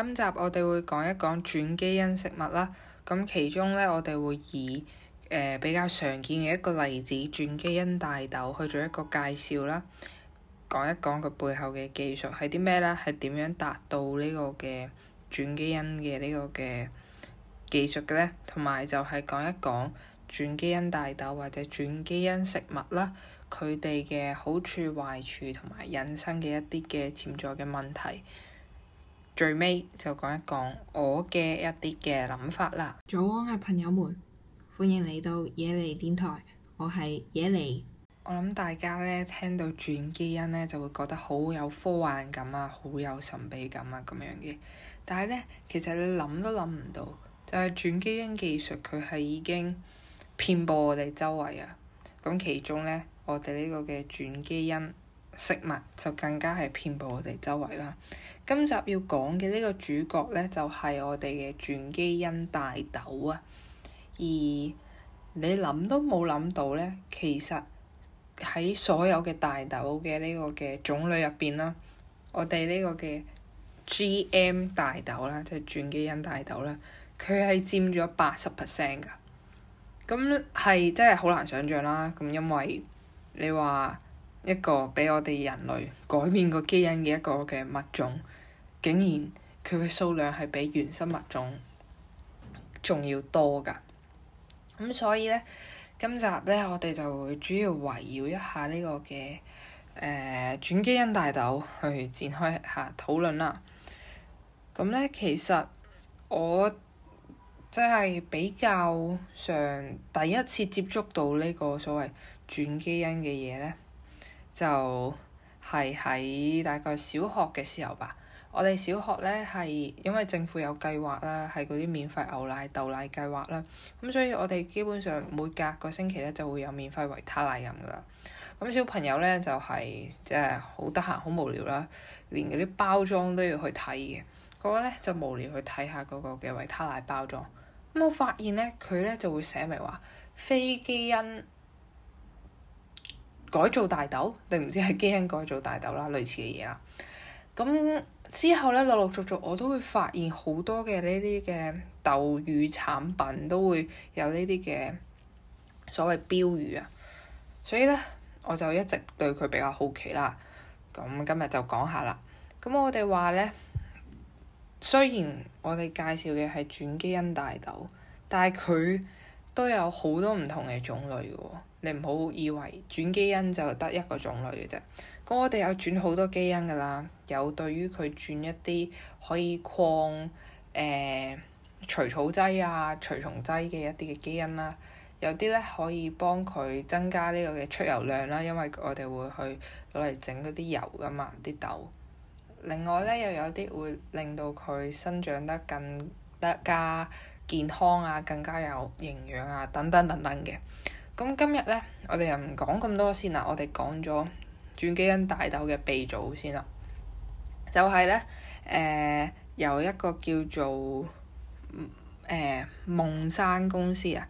今集我哋會講一講轉基因食物啦。咁其中呢，我哋會以誒、呃、比較常見嘅一個例子，轉基因大豆去做一個介紹啦。講一講佢背後嘅技術係啲咩呢？係點樣達到呢個嘅轉基因嘅呢個嘅技術嘅呢？同埋就係講一講轉基因大豆或者轉基因食物啦，佢哋嘅好處、壞處同埋引申嘅一啲嘅潛在嘅問題。最尾就講一講我嘅一啲嘅諗法啦。早安啊，朋友們，歡迎嚟到野尼電台，我係野尼。我諗大家咧聽到轉基因咧就會覺得好有科幻感啊，好有神秘感啊咁樣嘅。但係咧，其實你諗都諗唔到，就係轉基因技術佢係已經遍布我哋周圍啊。咁其中咧，我哋呢個嘅轉基因食物就更加係遍布我哋周圍啦。今集要講嘅呢個主角呢，就係、是、我哋嘅轉基因大豆啊！而你諗都冇諗到呢，其實喺所有嘅大豆嘅呢個嘅種類入邊啦，我哋呢個嘅 GM 大豆啦，即係轉基因大豆啦，佢係佔咗八十 percent 㗎。咁係真係好難想像啦！咁因為你話一個俾我哋人類改變個基因嘅一個嘅物種，竟然佢嘅數量係比原生物種仲要多㗎，咁所以咧，今集咧我哋就會主要圍繞一下呢個嘅誒、呃、轉基因大豆去展開下討論啦。咁咧，其實我即係比較上第一次接觸到呢個所謂轉基因嘅嘢咧，就係、是、喺大概小學嘅時候吧。我哋小學咧係因為政府有計劃啦，係嗰啲免費牛奶豆奶計劃啦，咁所以我哋基本上每隔個星期咧就會有免費維他奶飲噶啦。咁小朋友咧就係、是、即係好得閒好無聊啦，連嗰啲包裝都要去睇嘅。嗰、嗰個咧就無聊去睇下嗰個嘅維他奶包裝。咁我發現咧佢咧就會寫明話非基因改造大豆，定唔知係基因改造大豆啦，類似嘅嘢啦。咁。之後咧，陸陸續續我都會發現好多嘅呢啲嘅豆乳產品都會有呢啲嘅所謂標語啊，所以咧我就一直對佢比較好奇啦。咁、嗯、今日就講下啦。咁、嗯、我哋話咧，雖然我哋介紹嘅係轉基因大豆，但係佢都有好多唔同嘅種類嘅喎。你唔好以為轉基因就得一個種類嘅啫。我哋有轉好多基因㗎啦，有對於佢轉一啲可以抗誒、呃、除草劑啊、除蟲劑嘅一啲嘅基因啦，有啲咧可以幫佢增加呢個嘅出油量啦，因為我哋會去攞嚟整嗰啲油㗎嘛，啲豆。另外咧又有啲會令到佢生長得更得加健康啊，更加有營養啊，等等等等嘅。咁今日咧，我哋又唔講咁多先啦，我哋講咗。轉基因大豆嘅鼻祖先啦，就係、是、咧，誒、呃、由一個叫做誒孟、呃、山公司啊，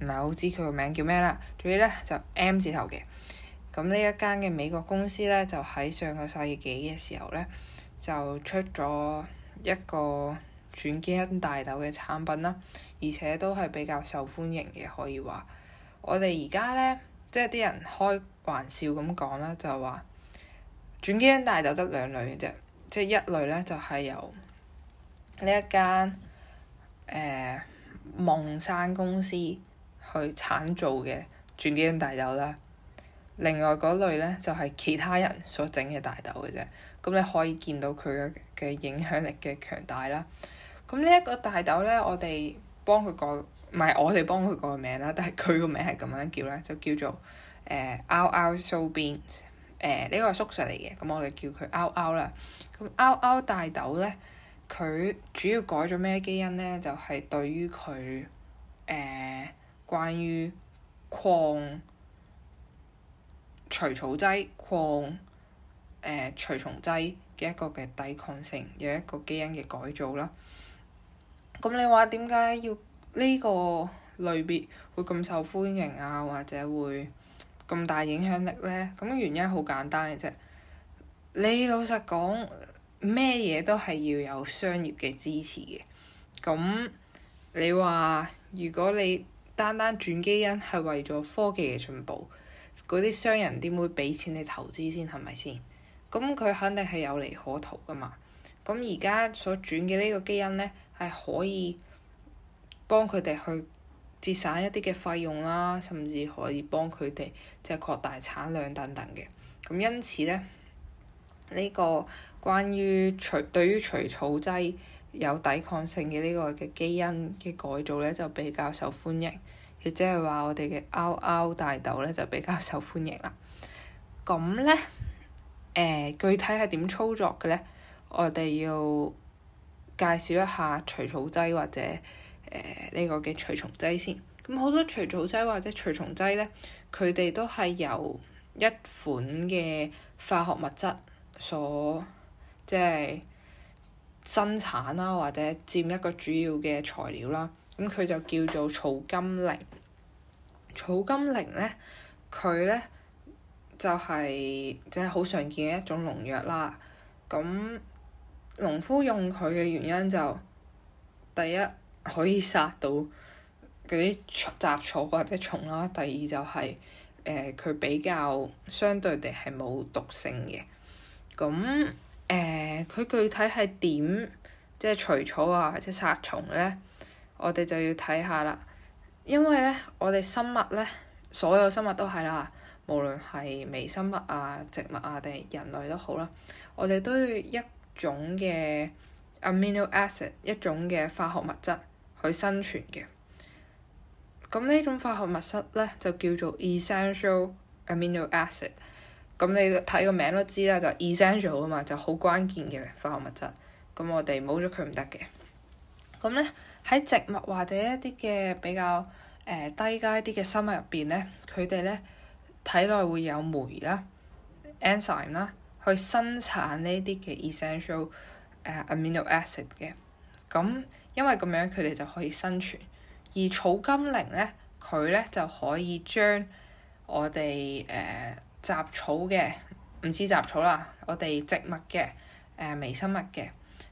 唔係好知佢個名叫咩啦，總之咧就 M 字頭嘅，咁、嗯、呢一間嘅美國公司咧，就喺上個世紀嘅時候咧，就出咗一個轉基因大豆嘅產品啦，而且都係比較受歡迎嘅，可以話我哋而家咧，即係啲人開玩笑咁講啦，就話轉基因大豆得兩類嘅啫，即係一類咧就係由呢一間誒、呃、夢山公司去產造嘅轉基因大豆啦。另外嗰類咧就係其他人所整嘅大豆嘅啫。咁你可以見到佢嘅影響力嘅強大啦。咁呢一個大豆咧，我哋幫佢改，唔係我哋幫佢改名啦，但係佢個名係咁樣叫咧，就叫做。誒凹凹蘇邊，誒呢個係宿舍嚟嘅，咁我哋叫佢凹凹啦。咁凹凹大豆咧，佢主要改咗咩基因咧？就係、是、對於佢誒關於抗除草劑、抗誒、呃、除蟲劑嘅一個嘅抵抗性嘅一個基因嘅改造啦。咁你話點解要呢個類別會咁受歡迎啊？或者會？咁大影響力呢？咁原因好簡單嘅啫。你老實講，咩嘢都係要有商業嘅支持嘅。咁你話，如果你單單轉基因係為咗科技嘅進步，嗰啲商人點會俾錢你投資先？係咪先？咁佢肯定係有利可圖噶嘛。咁而家所轉嘅呢個基因呢，係可以幫佢哋去，節省一啲嘅費用啦，甚至可以幫佢哋即係擴大產量等等嘅。咁因此咧，呢、這個關於除對於除草劑有抵抗性嘅呢個嘅基因嘅改造咧，就比較受歡迎。亦即係話我哋嘅 RR 大豆咧就比較受歡迎啦。咁咧，誒、呃、具體係點操作嘅咧？我哋要介紹一下除草劑或者。誒呢、呃這個嘅除蟲劑先，咁好多除草劑或者除蟲劑咧，佢哋都係由一款嘅化學物質所即係生產啦，或者佔一個主要嘅材料啦。咁佢就叫做草甘膦。草甘膦咧，佢咧就係即係好常見嘅一種農藥啦。咁農夫用佢嘅原因就第一。可以殺到嗰啲雜草或者蟲啦。第二就係、是、誒，佢、呃、比較相對地係冇毒性嘅。咁、嗯、誒，佢、呃、具體係點即係除草啊，或者殺蟲咧？我哋就要睇下啦，因為咧，我哋生物咧，所有生物都係啦，無論係微生物啊、植物啊定係人類都好啦，我哋都要一種嘅 amino acid，一種嘅化學物質去生存嘅，咁呢種化學物質咧就叫做 essential amino acid。咁你睇個名都知啦，就 essential 啊嘛，就好關鍵嘅化學物質。咁我哋冇咗佢唔得嘅。咁咧喺植物或者一啲嘅比較誒、呃、低階啲嘅生物入邊咧，佢哋咧體內會有酶啦，enzyme 啦，去生產呢啲嘅 essential、呃、amino acid 嘅。咁因為咁樣佢哋就可以生存，而草甘膦咧，佢咧就可以將我哋誒、呃、雜草嘅唔知雜草啦，我哋植物嘅誒、呃、微生物嘅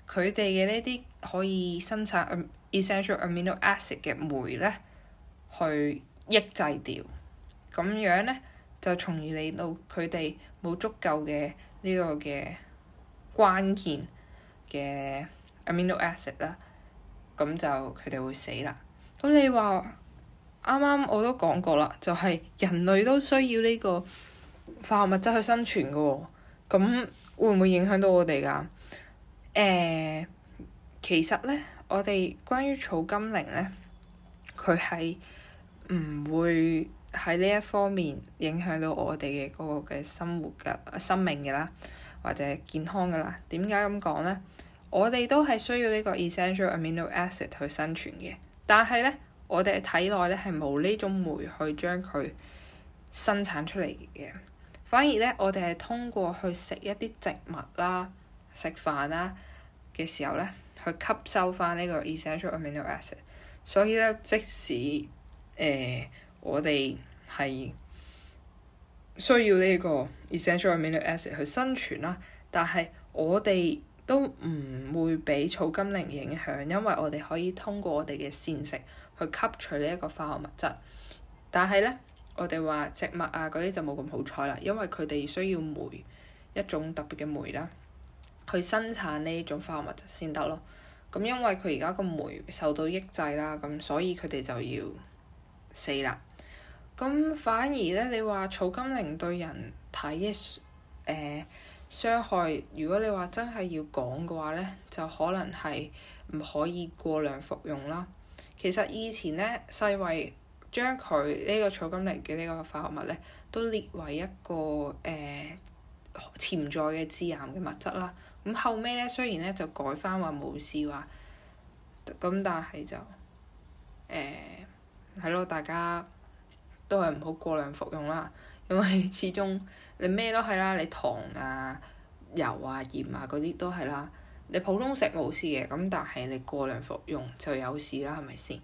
佢哋嘅呢啲可以生產 essential amino acid 嘅酶咧，去抑制掉，咁樣咧，就從而嚟到佢哋冇足夠嘅呢、呢個嘅關鍵嘅 amino acid 啦。咁就佢哋會死啦。咁你話啱啱我都講過啦，就係、是、人類都需要呢個化學物質去生存噶喎、哦。咁會唔會影響到我哋噶？誒、欸，其實咧，我哋關於草甘膦咧，佢係唔會喺呢一方面影響到我哋嘅個嘅生活噶、生命噶啦，或者健康噶啦。點解咁講咧？我哋都係需要呢個 essential amino acid 去生存嘅，但係咧，我哋嘅體內咧係冇呢種酶去將佢生產出嚟嘅，反而咧，我哋係通過去食一啲植物啦、食飯啦嘅時候咧，去吸收返呢個 essential amino acid。所以咧，即使誒、呃、我哋係需要呢個 essential amino acid 去生存啦，但係我哋都唔會俾草甘膦影響，因為我哋可以通過我哋嘅膳食去吸取呢一個化學物質。但係呢，我哋話植物啊嗰啲就冇咁好彩啦，因為佢哋需要酶一種特別嘅酶啦，去生產呢種化學物質先得咯。咁、嗯、因為佢而家個酶受到抑制啦，咁、嗯、所以佢哋就要死啦。咁、嗯、反而呢，你話草甘膦對人體嘅誒、呃傷害，如果你話真係要講嘅話呢，就可能係唔可以過量服用啦。其實以前呢，世衞將佢呢個草甘膦嘅呢個化學物呢，都列為一個誒、呃、潛在嘅致癌嘅物質啦。咁、嗯、後尾呢，雖然呢就改翻話冇事話，咁但係就誒係咯，大家都係唔好過量服用啦，因為始終。你咩都係啦，你糖啊、油啊、鹽啊嗰啲都係啦。你普通食冇事嘅，咁但係你過量服用就有事啦，係咪先？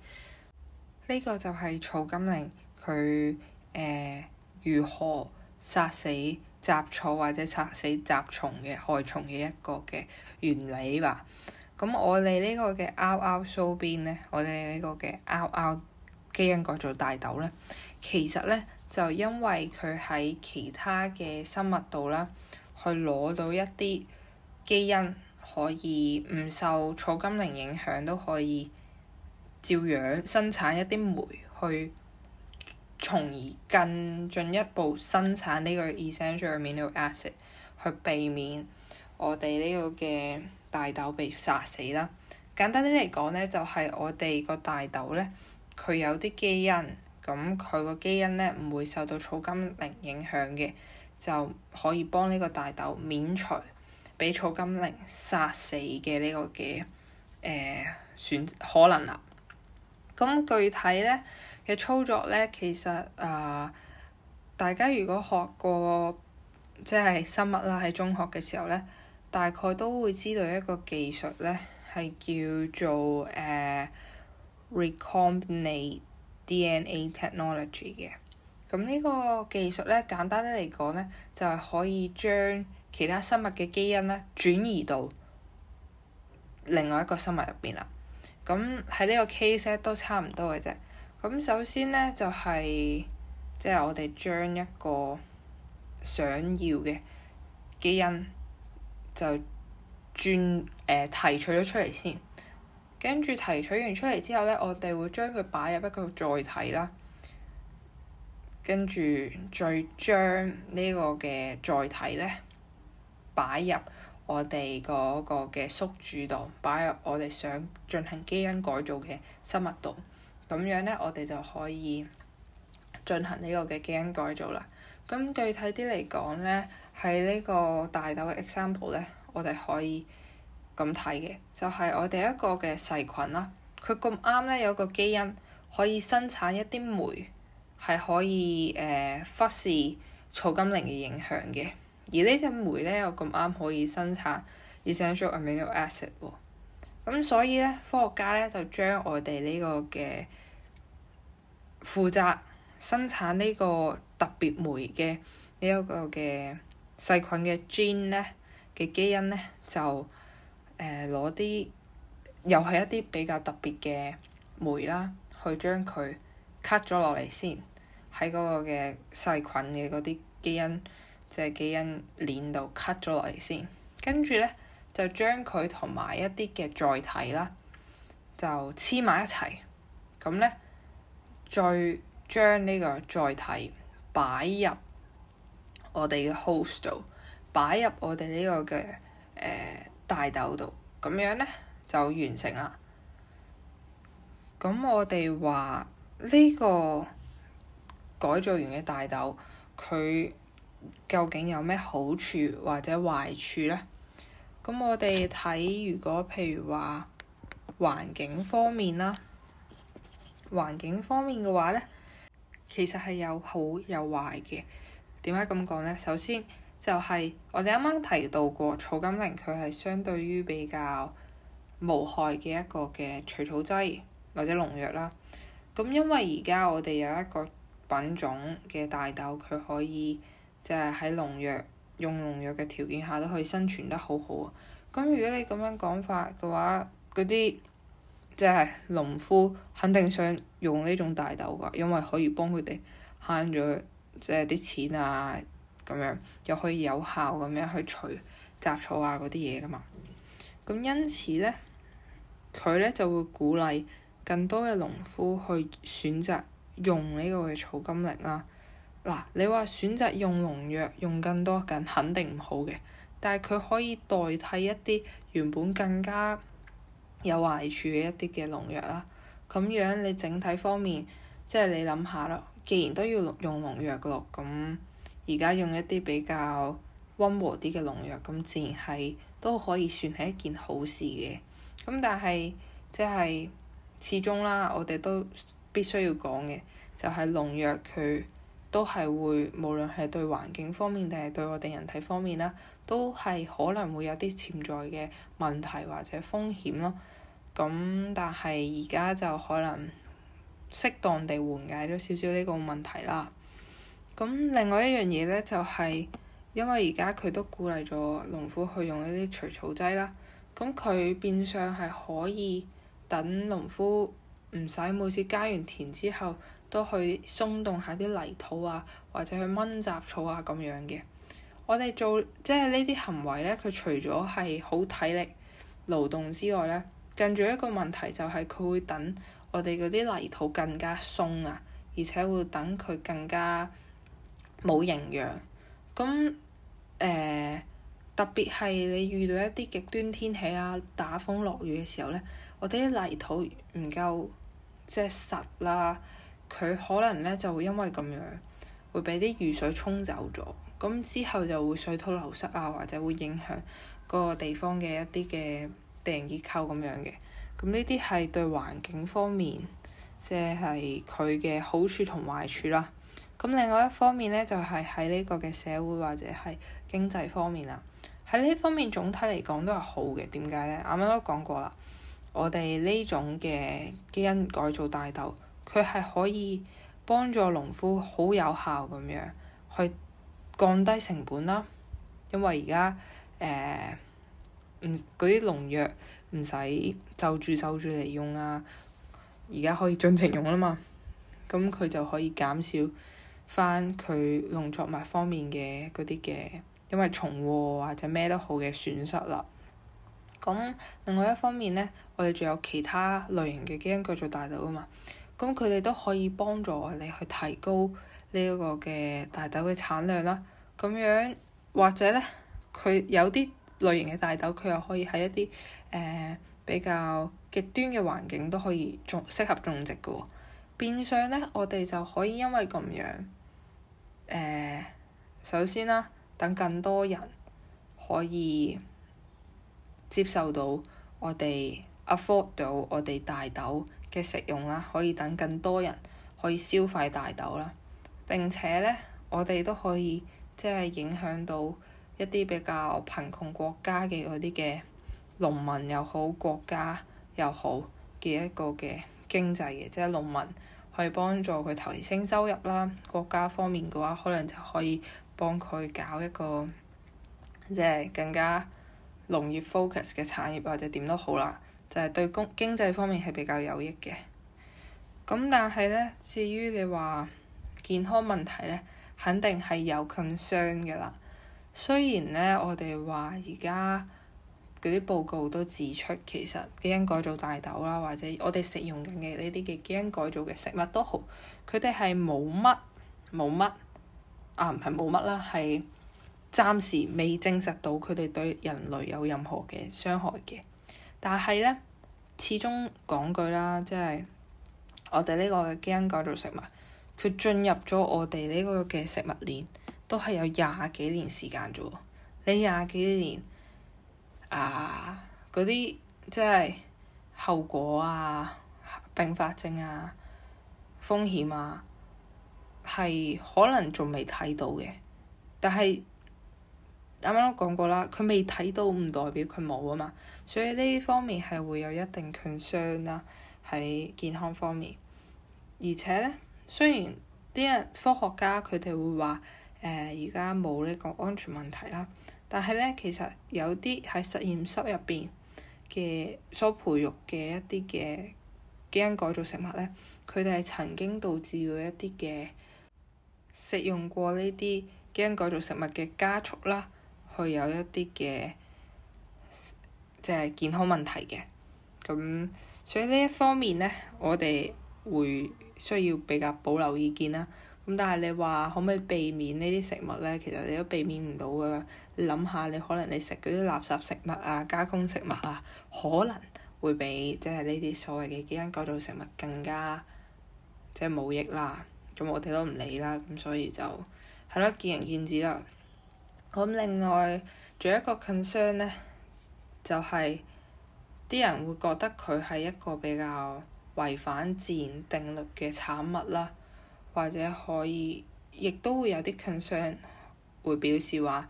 呢個就係草甘膦佢誒如何殺死雜草或者殺死雜蟲嘅害蟲嘅一個嘅原理吧。咁我哋呢個嘅 RR 蘇邊咧，我哋呢個嘅 RR 基因改造大豆咧，其實咧。就因為佢喺其他嘅生物度啦，去攞到一啲基因，可以唔受草甘膦影響，都可以照樣生產一啲酶去，從而更進一步生產呢個 essential amino acid，去避免我哋呢個嘅大豆被殺死啦。簡單啲嚟講呢，就係我哋個大豆呢，佢有啲基因。咁佢個基因咧，唔會受到草甘膦影響嘅，就可以幫呢個大豆免除俾草甘膦殺死嘅呢個嘅誒選可能啦、啊。咁具體咧嘅操作咧，其實啊、呃，大家如果學過即係生物啦，喺中學嘅時候咧，大概都會知道一個技術咧，係叫做誒 recombinate。呃 Re DNA technology 嘅，咁呢個技術咧，簡單啲嚟講咧，就係、是、可以將其他生物嘅基因咧轉移到另外一個生物入邊啦。咁喺呢個 case 咧都差唔多嘅啫。咁首先咧就係即係我哋將一個想要嘅基因就轉誒、呃、提取咗出嚟先。跟住提取完出嚟之後呢，我哋會將佢擺入一個載體啦，跟住再將呢個嘅載體呢，擺入我哋嗰個嘅宿主度，擺入我哋想進行基因改造嘅生物度，咁樣呢，我哋就可以進行呢個嘅基因改造啦。咁具體啲嚟講呢，喺呢個大豆嘅 example 呢，我哋可以。咁睇嘅就係、是、我哋一個嘅細菌啦，佢咁啱咧，有個基因可以生產一啲酶，係可以誒忽視草甘膦嘅影響嘅。而呢隻酶咧，又咁啱可以生產 essential amino acid 喎。咁所以咧，科學家咧就將我哋呢個嘅負責生產呢個特別酶嘅呢一個嘅細菌嘅 gene 咧嘅基因咧就，誒攞啲又係一啲比較特別嘅酶啦，去將佢 cut 咗落嚟先，喺嗰個嘅細菌嘅嗰啲基因，即係基因鏈度 cut 咗落嚟先，跟住呢，就將佢同埋一啲嘅載體啦，就黐埋一齊，咁呢，再將呢個載體擺入我哋嘅 host 度，擺入我哋呢個嘅，誒大豆度咁樣呢，就完成啦。咁我哋話呢個改造完嘅大豆，佢究竟有咩好處或者壞處呢？咁我哋睇，如果譬如話環境方面啦，環境方面嘅話呢，其實係有好有壞嘅。點解咁講呢？首先就係我哋啱啱提到過，草甘膦佢係相對於比較無害嘅一個嘅除草劑或者農藥啦。咁因為而家我哋有一個品種嘅大豆，佢可以即係喺農藥用農藥嘅條件下都可以生存得好好啊。咁如果你咁樣講法嘅話，嗰啲即係農夫肯定想用呢種大豆㗎，因為可以幫佢哋慳咗即係啲錢啊。咁樣又可以有效咁樣去除雜草啊嗰啲嘢噶嘛，咁因此咧，佢咧就會鼓勵更多嘅農夫去選擇用呢個嘅草甘膦啦。嗱、啊，你話選擇用農藥用更多，梗肯定唔好嘅，但係佢可以代替一啲原本更加有壞處嘅一啲嘅農藥啦。咁樣你整體方面，即係你諗下咯，既然都要用農藥咯，咁～而家用一啲比較溫和啲嘅農藥，咁自然係都可以算係一件好事嘅。咁但係即係始終啦，我哋都必須要講嘅，就係農藥佢都係會無論係對環境方面定係對我哋人體方面啦，都係可能會有啲潛在嘅問題或者風險咯。咁但係而家就可能適當地緩解咗少少呢個問題啦。咁另外一樣嘢咧，就係因為而家佢都鼓勵咗農夫去用呢啲除草劑啦。咁佢變相係可以等農夫唔使每次耕完田之後都去鬆動下啲泥土啊，或者去掹雜草啊咁樣嘅。我哋做即係呢啲行為咧，佢除咗係好體力勞動之外咧，更仲有一個問題就係佢會等我哋嗰啲泥土更加鬆啊，而且會等佢更加。冇營養，咁誒、呃、特別係你遇到一啲極端天氣啦、啊、打風落雨嘅時候咧，我哋啲泥土唔夠即係實啦，佢可能咧就會因為咁樣會俾啲雨水沖走咗，咁之後就會水土流失啊，或者會影響嗰個地方嘅一啲嘅地形結構咁樣嘅，咁呢啲係對環境方面，即係佢嘅好處同壞處啦。咁另外一方面咧，就係喺呢個嘅社會或者係經濟方面啦。喺呢方面總體嚟講都係好嘅。點解咧？啱啱都講過啦，我哋呢種嘅基因改造大豆，佢係可以幫助農夫好有效咁樣去降低成本啦。因為而家誒唔嗰啲農藥唔使就住就住嚟用啊，而家可以盡情用啦嘛。咁佢就可以減少翻佢農作物方面嘅嗰啲嘅，因為蟲蝕或者咩都好嘅損失啦。咁另外一方面咧，我哋仲有其他類型嘅基因改造大豆啊嘛。咁佢哋都可以幫助我哋去提高呢一個嘅大豆嘅產量啦。咁樣或者咧，佢有啲類型嘅大豆，佢又可以喺一啲誒、呃、比較極端嘅環境都可以種適合種植嘅喎。變相咧，我哋就可以因為咁樣。誒、呃，首先啦，等更多人可以接受到我哋 afford 到我哋大豆嘅食用啦，可以等更多人可以消費大豆啦。並且咧，我哋都可以即係影響到一啲比較貧窮國家嘅嗰啲嘅農民又好，國家又好嘅一個嘅經濟嘅，即係農民。去幫助佢提升收入啦。國家方面嘅話，可能就可以幫佢搞一個即係、就是、更加農業 focus 嘅產業，或者點都好啦。就係、是、對工經濟方面係比較有益嘅。咁但係呢，至於你話健康問題呢，肯定係有 concern 嘅啦。雖然呢，我哋話而家。嗰啲報告都指出，其實基因改造大豆啦，或者我哋食用緊嘅呢啲嘅基因改造嘅食物都好，佢哋係冇乜冇乜啊，唔係冇乜啦，係暫時未證實到佢哋對人類有任何嘅傷害嘅。但係呢，始終講句啦，即係我哋呢個嘅基因改造食物，佢進入咗我哋呢個嘅食物鏈，都係有廿幾年時間啫喎，你廿幾年。啊！嗰啲即係後果啊、併發症啊、風險啊，係可能仲未睇到嘅。但係啱啱都講過啦，佢未睇到唔代表佢冇啊嘛，所以呢方面係會有一定創傷啦，喺健康方面。而且咧，雖然啲人科學家佢哋會話誒，而家冇呢個安全問題啦。但係咧，其實有啲喺實驗室入邊嘅所培育嘅一啲嘅基因改造食物咧，佢哋係曾經導致到一啲嘅食用過呢啲基因改造食物嘅家畜啦，去有一啲嘅即係健康問題嘅。咁所以呢一方面咧，我哋會需要比較保留意見啦。咁但係你話可唔可以避免呢啲食物咧？其實你都避免唔到㗎啦。你諗下，你可能你食嗰啲垃圾食物啊、加工食物啊，可能會比即係呢啲所謂嘅基因改造食物更加即係冇益啦。咁我哋都唔理啦。咁所以就係咯，見仁見智啦。咁另外，仲有一個 concern 咧，就係、是、啲人會覺得佢係一個比較違反自然定律嘅產物啦。或者可以，亦都會有啲 concern，會表示話，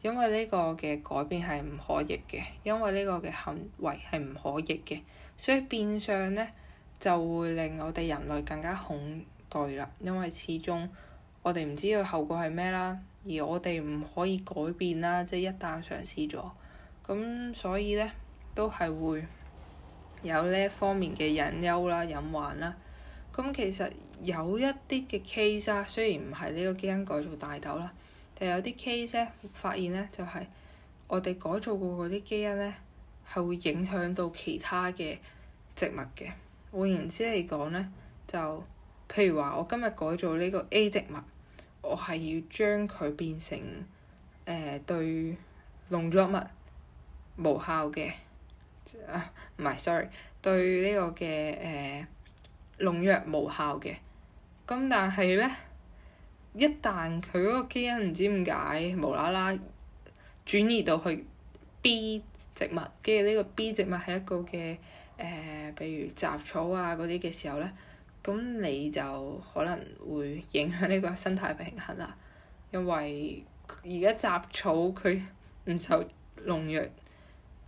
因為呢個嘅改變係唔可逆嘅，因為呢個嘅行為係唔可逆嘅，所以變相呢就會令我哋人類更加恐懼啦，因為始終我哋唔知道後果係咩啦，而我哋唔可以改變啦，即係一旦嘗試咗，咁所以呢都係會有呢一方面嘅隱憂啦、隱患啦。咁其實有一啲嘅 case 啊，雖然唔係呢個基因改造大豆啦，但有啲 case 咧，發現咧就係、是、我哋改造過嗰啲基因咧，係會影響到其他嘅植物嘅。換言之嚟講咧，就譬如話我今日改造呢個 A 植物，我係要將佢變成誒、呃、對農作物無效嘅，唔、啊、係，sorry，對呢個嘅誒。呃農藥無效嘅，咁但係咧，一旦佢嗰個基因唔知點解無啦啦轉移到去 B 植物，跟住呢個 B 植物係一個嘅誒，呃、譬如雜草啊嗰啲嘅時候咧，咁你就可能會影響呢個生態平衡啦。因為而家雜草佢唔受農藥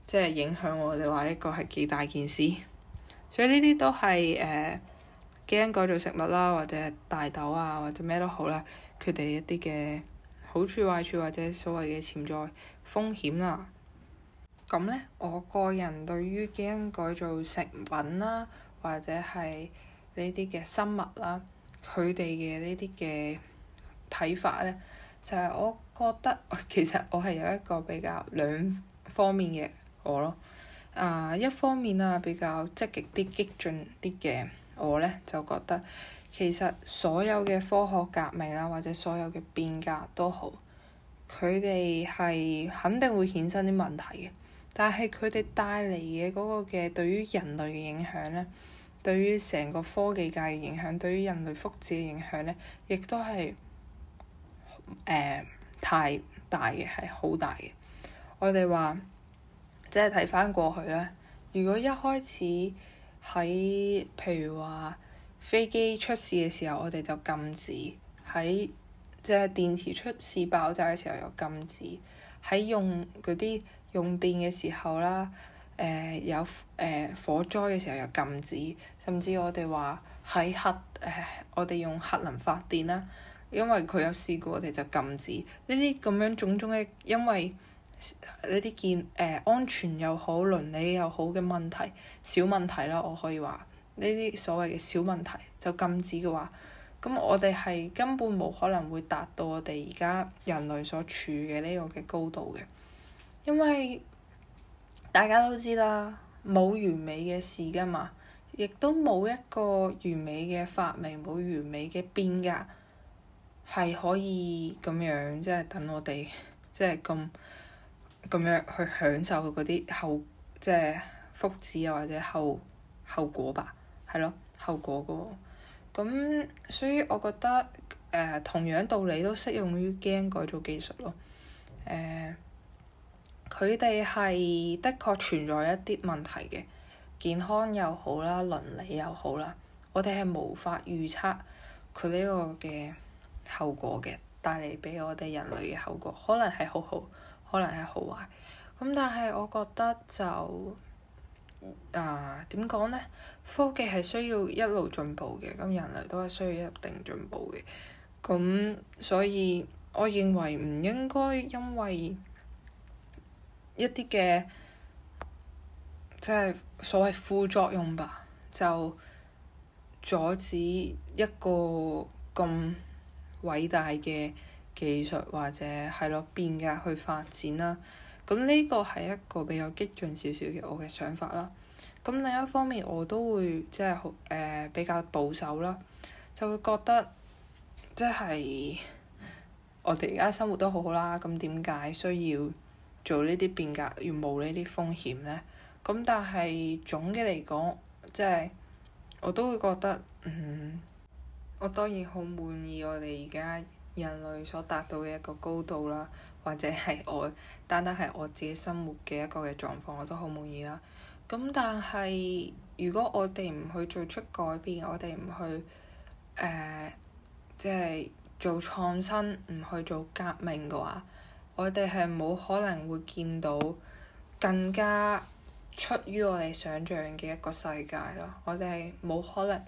即係影響，我哋話呢個係幾大件事，所以呢啲都係誒。呃基因改造食物啦，或者大豆啊，或者咩都好啦，佢哋一啲嘅好處壞處或者所謂嘅潛在風險啦。咁咧，我個人對於基因改造食品啦，或者係呢啲嘅生物啦，佢哋嘅呢啲嘅睇法咧，就係、是、我覺得其實我係有一個比較兩方面嘅我咯。啊，一方面啊比較積極啲、激進啲嘅。我咧就覺得，其實所有嘅科學革命啦，或者所有嘅變革都好，佢哋係肯定會衍生啲問題嘅。但係佢哋帶嚟嘅嗰個嘅對於人類嘅影響咧，對於成個科技界嘅影響，對於人類福祉嘅影響咧，亦都係誒、呃、太大嘅，係好大嘅。我哋話，即係睇翻過去咧，如果一開始，喺譬如話飛機出事嘅時候，我哋就禁止，喺即係電池出事爆炸嘅時候又禁止，喺用嗰啲用電嘅時候啦，誒、呃、有誒、呃、火災嘅時候又禁止，甚至我哋話喺核誒我哋用核能發電啦，因為佢有試過，我哋就禁止，呢啲咁樣種種嘅因為。呢啲健誒、呃、安全又好，倫理又好嘅問題，小問題啦。我可以話呢啲所謂嘅小問題就禁止嘅話，咁我哋係根本冇可能會達到我哋而家人類所處嘅呢個嘅高度嘅，因為大家都知啦，冇完美嘅事㗎嘛，亦都冇一個完美嘅發明，冇完美嘅變革係可以咁樣，即係等我哋即係咁。就是咁樣去享受佢嗰啲後，即係福祉啊，或者後後果吧，係咯，後果嘅。咁所以我覺得誒、呃、同樣道理都適用於基因改造技術咯。誒、呃，佢哋係的確存在一啲問題嘅，健康又好啦，倫理又好啦，我哋係無法預測佢呢個嘅後果嘅，帶嚟俾我哋人類嘅後果，可能係好好。可能係好壞，咁但係我覺得就啊點講呢？科技係需要一路進步嘅，咁人類都係需要一定進步嘅。咁所以，我認為唔應該因為一啲嘅即係所謂副作用吧，就阻止一個咁偉大嘅。技術或者係攞變革去發展啦，咁呢個係一個比較激進少少嘅我嘅想法啦。咁另一方面，我都會即係好誒比較保守啦，就會覺得即係我哋而家生活都好好啦，咁點解需要做呢啲變革，要冒呢啲風險呢？咁但係總嘅嚟講，即係我都會覺得，嗯，我當然好滿意我哋而家。人類所達到嘅一個高度啦，或者係我，單單係我自己生活嘅一個嘅狀況，我都好滿意啦。咁但係，如果我哋唔去做出改變，我哋唔去誒，即係做創新，唔去做革命嘅話，我哋係冇可能會見到更加出於我哋想象嘅一個世界咯。我哋係冇可能。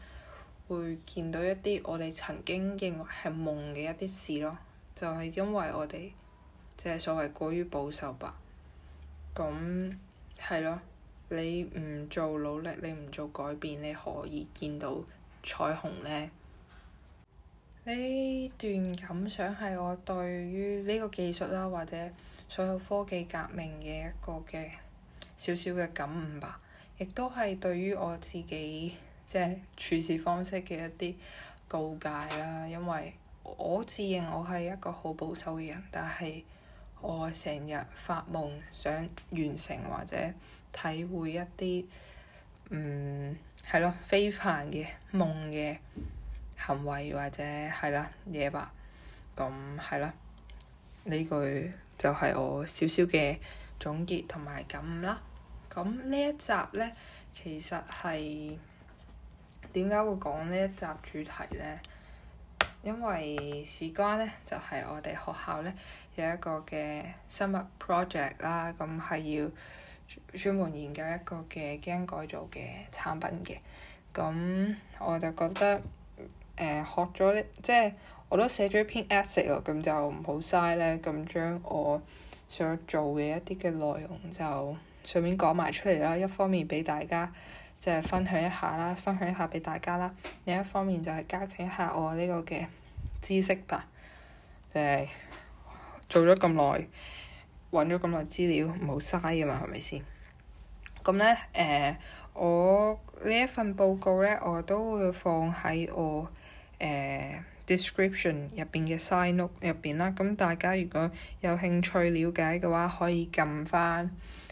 會見到一啲我哋曾經認為係夢嘅一啲事咯，就係因為我哋即係所謂過於保守吧。咁係咯，你唔做努力，你唔做改變，你可以見到彩虹呢？呢段感想係我對於呢個技術啦，或者所有科技革命嘅一個嘅少少嘅感悟吧，亦都係對於我自己。即係處事方式嘅一啲告誡啦，因為我自認我係一個好保守嘅人，但係我成日發夢想完成或者體會一啲，嗯，係咯，非凡嘅夢嘅行為或者係啦嘢吧。咁係啦，呢句就係我少少嘅總結同埋感悟啦。咁呢一集呢，其實係～點解會講呢一集主題呢？因為事關呢，就係、是、我哋學校呢有一個嘅生物 project 啦、啊，咁、嗯、係要專門研究一個嘅基因改造嘅產品嘅。咁、嗯、我就覺得，誒、呃、學咗呢，即係我都寫咗一篇 essay 咯，咁就唔好嘥咧，咁、嗯、將我想做嘅一啲嘅內容就順便講埋出嚟啦。一方面俾大家。就係分享一下啦，分享一下俾大家啦。另一方面就係加強一下我呢個嘅知識吧。誒、就是，做咗咁耐，揾咗咁耐資料，唔好嘥㗎嘛，係咪先？咁咧，誒、呃，我呢一份報告咧，我都會放喺我誒、呃、description 入邊嘅 side note 入邊啦。咁大家如果有興趣了解嘅話，可以撳翻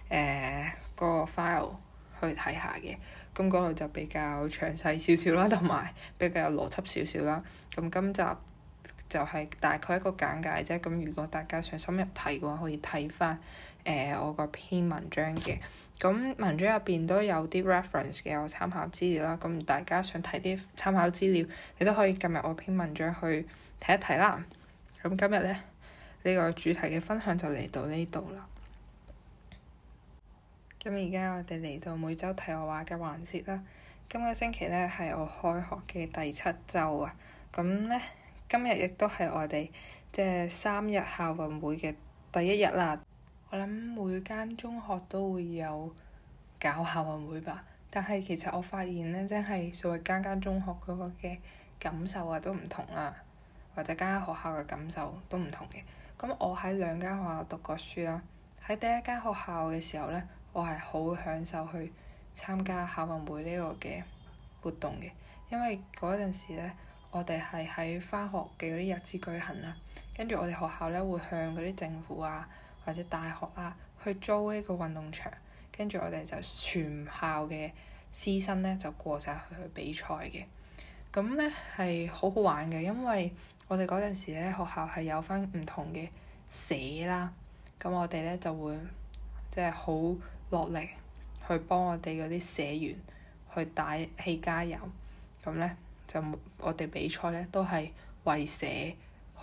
誒嗰個 file。去睇下嘅，咁嗰度就比較詳細少少啦，同埋比較有邏輯少少啦。咁今集就係大概一個簡介啫。咁如果大家想深入睇嘅話，可以睇翻誒我個篇文章嘅。咁文章入邊都有啲 reference 嘅我參考資料啦。咁大家想睇啲參考資料，你都可以撳入我篇文章去睇一睇啦。咁今日咧，呢、這個呢個主題嘅分享就嚟到呢度啦。咁而家我哋嚟到每周題外話嘅環節啦。今個星期咧係我開學嘅第七週啊。咁咧今日亦都係我哋即係三日校運會嘅第一日啦。我諗每間中學都會有搞校運會吧。但係其實我發現咧，真係所謂間間中學嗰個嘅感受都啊都唔同啦，或者間間學校嘅感受都唔同嘅。咁我喺兩間學校讀過書啦、啊，喺第一間學校嘅時候咧。我係好享受去參加校運會呢個嘅活動嘅，因為嗰陣時咧，我哋係喺返學嘅嗰啲日子舉行啦。跟住我哋學校呢，會向嗰啲政府啊或者大學啊去租呢個運動場，跟住我哋就全校嘅師生呢，就過晒去比賽嘅。咁呢係好好玩嘅，因為我哋嗰陣時咧學校係有分唔同嘅社啦，咁我哋呢，就會即係好～、就是落力去幫我哋嗰啲社員去打氣加油，咁咧就我哋比賽咧都係為社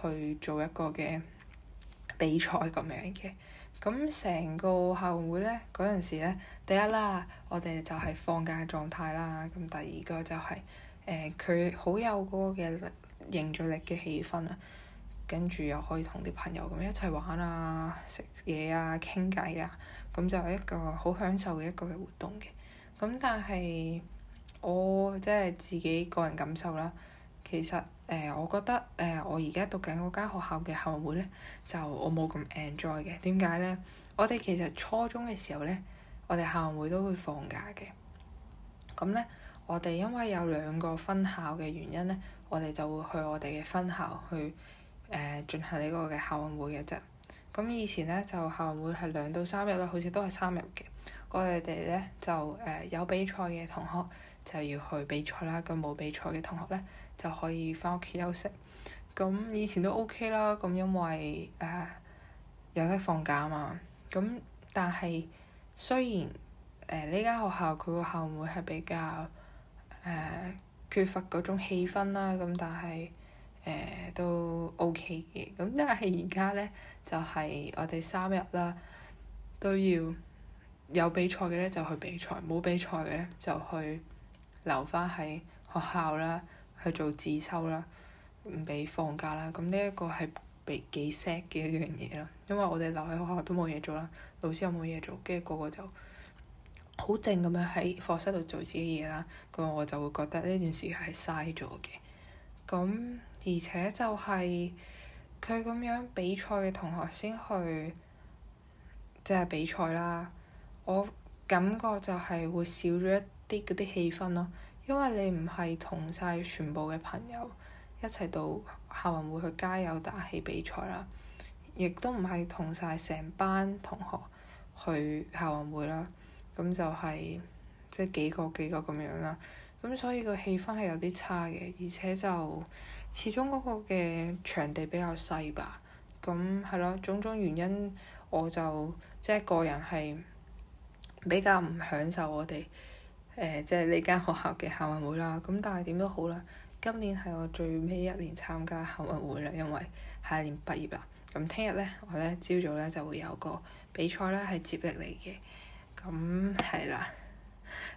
去做一個嘅比賽咁樣嘅。咁成個校運會咧，嗰陣時咧，第一啦，我哋就係放假狀態啦。咁第二個就係誒佢好有嗰個嘅凝聚力嘅氣氛啊！跟住又可以同啲朋友咁一齊玩啊、食嘢啊、傾偈啊，咁就係一個好享受嘅一個嘅活動嘅。咁但係我即係自己個人感受啦，其實誒、呃，我覺得誒、呃，我而家讀緊嗰間學校嘅校運會咧，就我冇咁 enjoy 嘅。點解咧？我哋其實初中嘅時候咧，我哋校運會都會放假嘅。咁咧，我哋因為有兩個分校嘅原因咧，我哋就會去我哋嘅分校去。誒進行呢個嘅校運會嘅啫，咁以前咧就校運會係兩到三日啦，好似都係三日嘅。我哋哋咧就誒、呃、有比賽嘅同學就要去比賽啦，咁冇比賽嘅同學咧就可以返屋企休息。咁以前都 OK 啦，咁因為誒、呃、有得放假啊嘛。咁但係雖然誒呢間學校佢個校運會係比較誒、呃、缺乏嗰種氣氛啦，咁但係。誒、呃、都 OK 嘅，咁但係而家咧就係、是、我哋三日啦，都要有比賽嘅咧就去比賽，冇比賽嘅咧就去留翻喺學校啦，去做自修啦，唔俾放假啦。咁、嗯、呢一個係俾幾 sad 嘅一樣嘢囉，因為我哋留喺學校都冇嘢做啦，老師又冇嘢做，跟住個個就好靜咁樣喺課室度做自己嘢啦。咁我就會覺得呢段時間係嘥咗嘅，咁、嗯。而且就係佢咁樣比賽嘅同學先去即係、就是、比賽啦，我感覺就係會少咗一啲嗰啲氣氛咯，因為你唔係同晒全部嘅朋友一齊到校運會去加油打氣比賽啦，亦都唔係同晒成班同學去校運會啦，咁就係即係幾個幾個咁樣啦。咁、嗯、所以個氣氛係有啲差嘅，而且就始終嗰個嘅場地比較細吧。咁係咯，種種原因，我就即係個人係比較唔享受我哋誒即係呢間學校嘅校運會啦。咁、嗯、但係點都好啦，今年係我最尾一年參加校運會啦，因為下一年畢業啦。咁聽日咧，我咧朝早咧就會有個比賽咧係接力嚟嘅。咁係啦。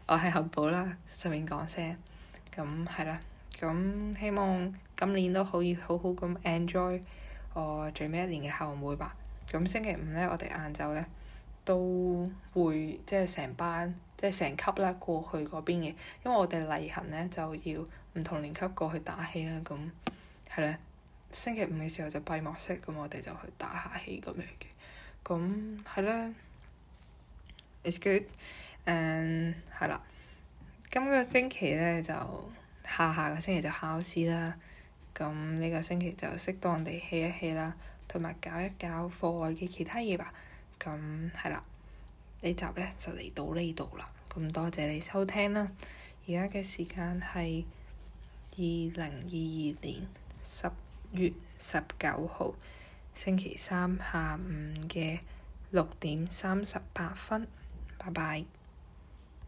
我係後補啦，順便講聲。咁係啦，咁希望今年都可以好好咁 enjoy 我最尾一年嘅校運會吧。咁星期五咧，我哋晏晝咧都會即係成班即係成級啦過去嗰邊嘅，因為我哋例行咧就要唔同年級過去打氣啦。咁係咧，星期五嘅時候就閉幕式，咁我哋就去打下氣咁樣嘅。咁係啦，It's good。嗯，係啦，今個星期咧就下下個星期就考試啦。咁、嗯、呢、這個星期就適當地 hea 一 hea 啦，同埋搞一搞課外嘅其他嘢吧。咁係啦，yeah, 集呢集咧就嚟到呢度啦。咁、嗯、多謝你收聽啦。而家嘅時間係二零二二年十月十九號星期三下午嘅六點三十八分。拜拜。